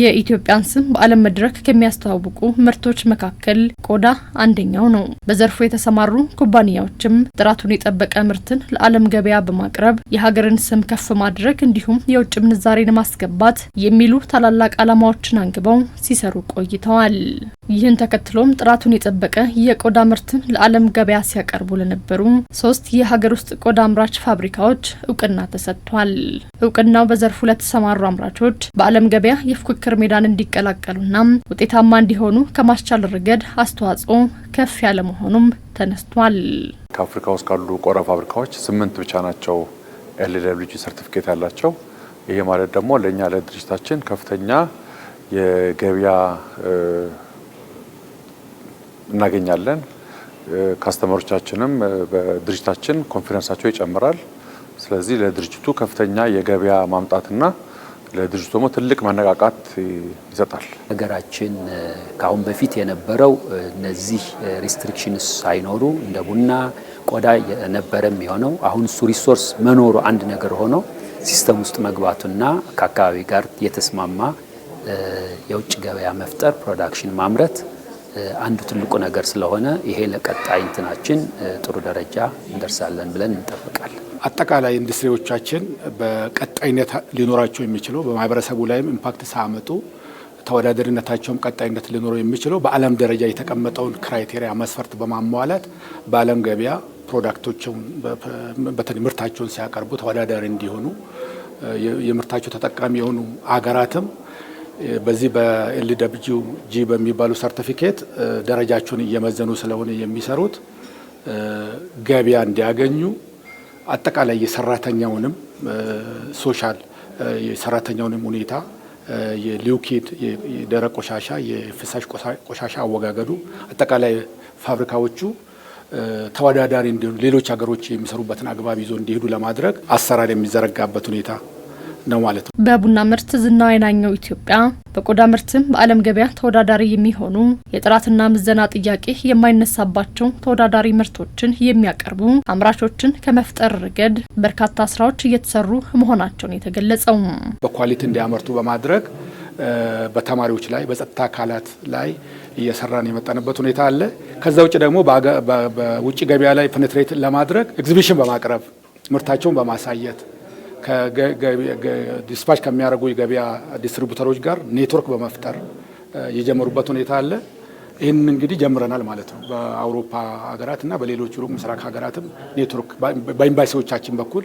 የኢትዮጵያን ስም በዓለም መድረክ ከሚያስተዋውቁ ምርቶች መካከል ቆዳ አንደኛው ነው። በዘርፉ የተሰማሩ ኩባንያዎችም ጥራቱን የጠበቀ ምርትን ለዓለም ገበያ በማቅረብ የሀገርን ስም ከፍ ማድረግ እንዲሁም የውጭ ምንዛሬን ማስገባት የሚሉ ታላላቅ ዓላማዎችን አንግበው ሲሰሩ ቆይተዋል። ይህን ተከትሎም ጥራቱን የጠበቀ የቆዳ ምርት ለዓለም ገበያ ሲያቀርቡ ለነበሩ ሶስት የሀገር ውስጥ ቆዳ አምራች ፋብሪካዎች እውቅና ተሰጥቷል። እውቅናው በዘርፉ ለተሰማሩ አምራቾች በዓለም ገበያ የፉክክር ሜዳን እንዲቀላቀሉና ውጤታማ እንዲሆኑ ከማስቻል ረገድ አስተዋጽኦ ከፍ ያለ መሆኑም ተነስቷል። ከአፍሪካ ውስጥ ካሉ ቆዳ ፋብሪካዎች ስምንት ብቻ ናቸው ኤል ሰርቲፊኬት ያላቸው። ይሄ ማለት ደግሞ ለእኛ ለድርጅታችን ከፍተኛ የገበያ እናገኛለን። ካስተመሮቻችንም በድርጅታችን ኮንፊደንሳቸው ይጨምራል። ስለዚህ ለድርጅቱ ከፍተኛ የገበያ ማምጣትና ለድርጅቱ ደግሞ ትልቅ መነቃቃት ይሰጣል። ሀገራችን ከአሁን በፊት የነበረው እነዚህ ሪስትሪክሽንስ ሳይኖሩ እንደ ቡና ቆዳ የነበረ የሆነው አሁን እሱ ሪሶርስ መኖሩ አንድ ነገር ሆኖ ሲስተም ውስጥ መግባቱና ከአካባቢ ጋር የተስማማ የውጭ ገበያ መፍጠር ፕሮዳክሽን ማምረት አንዱ ትልቁ ነገር ስለሆነ ይሄ ለቀጣይ እንትናችን ጥሩ ደረጃ እንደርሳለን ብለን እንጠብቃለን። አጠቃላይ ኢንዱስትሪዎቻችን በቀጣይነት ሊኖራቸው የሚችለው በማህበረሰቡ ላይም ኢምፓክት ሳያመጡ ተወዳዳሪነታቸውም ቀጣይነት ሊኖረው የሚችለው በዓለም ደረጃ የተቀመጠውን ክራይቴሪያ መስፈርት በማሟላት በዓለም ገበያ ፕሮዳክቶቸውን ምርታቸውን ሲያቀርቡ ተወዳዳሪ እንዲሆኑ የምርታቸው ተጠቃሚ የሆኑ አገራትም በዚህ በኤልደብሊው ጂ በሚባሉ ሰርቲፊኬት ደረጃቸውን እየመዘኑ ስለሆነ የሚሰሩት ገቢያ እንዲያገኙ አጠቃላይ የሰራተኛውንም ሶሻል የሰራተኛውንም ሁኔታ የሊውኪድ የደረቅ ቆሻሻ የፍሳሽ ቆሻሻ አወጋገዱ አጠቃላይ ፋብሪካዎቹ ተወዳዳሪ እንዲሆኑ ሌሎች ሀገሮች የሚሰሩበትን አግባብ ይዞ እንዲሄዱ ለማድረግ አሰራር የሚዘረጋበት ሁኔታ ነው ማለት ነው። በቡና ምርት ዝናዋ የናኘው ኢትዮጵያ በቆዳ ምርትም በዓለም ገበያ ተወዳዳሪ የሚሆኑ የጥራትና ምዘና ጥያቄ የማይነሳባቸው ተወዳዳሪ ምርቶችን የሚያቀርቡ አምራቾችን ከመፍጠር ረገድ በርካታ ስራዎች እየተሰሩ መሆናቸውን የተገለጸው በኳሊቲ እንዲያመርቱ በማድረግ በተማሪዎች ላይ በጸጥታ አካላት ላይ እየሰራን የመጣንበት ሁኔታ አለ። ከዛ ውጭ ደግሞ በውጭ ገበያ ላይ ፔኔትሬት ለማድረግ ኤግዚቢሽን በማቅረብ ምርታቸውን በማሳየት ዲስፓች ከሚያደርጉ የገበያ ዲስትሪቡተሮች ጋር ኔትወርክ በመፍጠር የጀመሩበት ሁኔታ አለ። ይህን እንግዲህ ጀምረናል ማለት ነው። በአውሮፓ ሀገራት እና በሌሎች ሩቅ ምስራቅ ሀገራትም ኔትወርክ በኤምባሲዎቻችን በኩል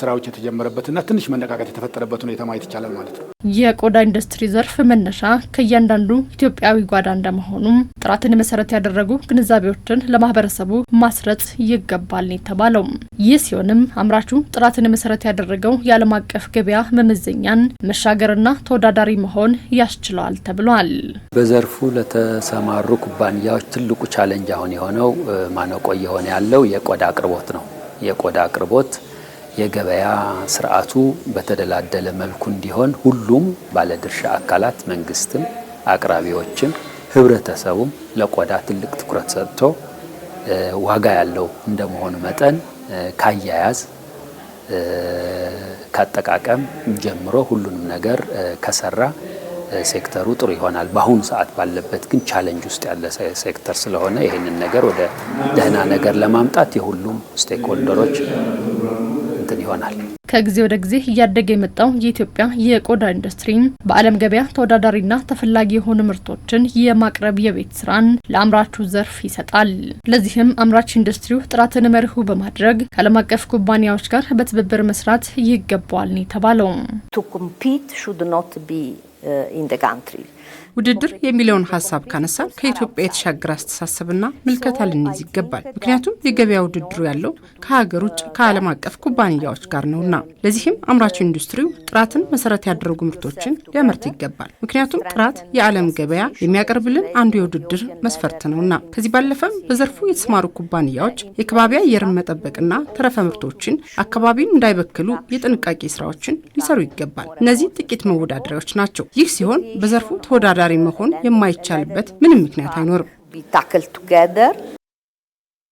ስራዎች የተጀመረበትና ትንሽ መነቃቀት የተፈጠረበት ሁኔታ ማየት ይቻላል ማለት ነው። የቆዳ ኢንዱስትሪ ዘርፍ መነሻ ከእያንዳንዱ ኢትዮጵያዊ ጓዳ እንደመሆኑም ጥራትን መሰረት ያደረጉ ግንዛቤዎችን ለማህበረሰቡ ማስረጽ ይገባል ነው የተባለው። ይህ ሲሆንም አምራቹ ጥራትን መሰረት ያደረገው የዓለም አቀፍ ገበያ መመዘኛን መሻገርና ተወዳዳሪ መሆን ያስችለዋል ተብሏል። በዘርፉ ለተሰማሩ ኩባንያዎች ትልቁ ቻለንጅ አሁን የሆነው ማነቆ እየሆነ ያለው የቆዳ አቅርቦት ነው። የቆዳ አቅርቦት የገበያ ስርዓቱ በተደላደለ መልኩ እንዲሆን ሁሉም ባለድርሻ አካላት መንግስትም፣ አቅራቢዎችም፣ ህብረተሰቡም ለቆዳ ትልቅ ትኩረት ሰጥቶ ዋጋ ያለው እንደመሆኑ መጠን ካያያዝ ካጠቃቀም ጀምሮ ሁሉንም ነገር ከሰራ ሴክተሩ ጥሩ ይሆናል። በአሁኑ ሰዓት ባለበት ግን ቻለንጅ ውስጥ ያለ ሴክተር ስለሆነ ይህንን ነገር ወደ ደህና ነገር ለማምጣት የሁሉም ስቴክሆልደሮች እንትን ይሆናል። ከጊዜ ወደ ጊዜ እያደገ የመጣው የኢትዮጵያ የቆዳ ኢንዱስትሪ በዓለም ገበያ ተወዳዳሪና ተፈላጊ የሆኑ ምርቶችን የማቅረብ የቤት ስራን ለአምራቹ ዘርፍ ይሰጣል። ለዚህም አምራች ኢንዱስትሪው ጥራትን መርሁ በማድረግ ከዓለም አቀፍ ኩባንያዎች ጋር በትብብር መስራት ይገባዋል ነው የተባለው። Uh, ውድድር የሚለውን ሀሳብ ካነሳ ከኢትዮጵያ የተሻገረ አስተሳሰብና ምልከታ ልንይዝ ይገባል። ምክንያቱም የገበያ ውድድሩ ያለው ከሀገር ውጭ ከዓለም አቀፍ ኩባንያዎች ጋር ነውና፣ ለዚህም አምራች ኢንዱስትሪው ጥራትን መሰረት ያደረጉ ምርቶችን ሊያመርት ይገባል። ምክንያቱም ጥራት የዓለም ገበያ የሚያቀርብልን አንዱ የውድድር መስፈርት ነውና። ከዚህ ባለፈም በዘርፉ የተሰማሩ ኩባንያዎች የከባቢ አየርን መጠበቅና ተረፈ ምርቶችን አካባቢን እንዳይበክሉ የጥንቃቄ ስራዎችን ሊሰሩ ይገባል። እነዚህ ጥቂት መወዳደሪያዎች ናቸው። ይህ ሲሆን በዘርፉ ተወዳዳሪ መሆን የማይቻልበት ምንም ምክንያት አይኖርም።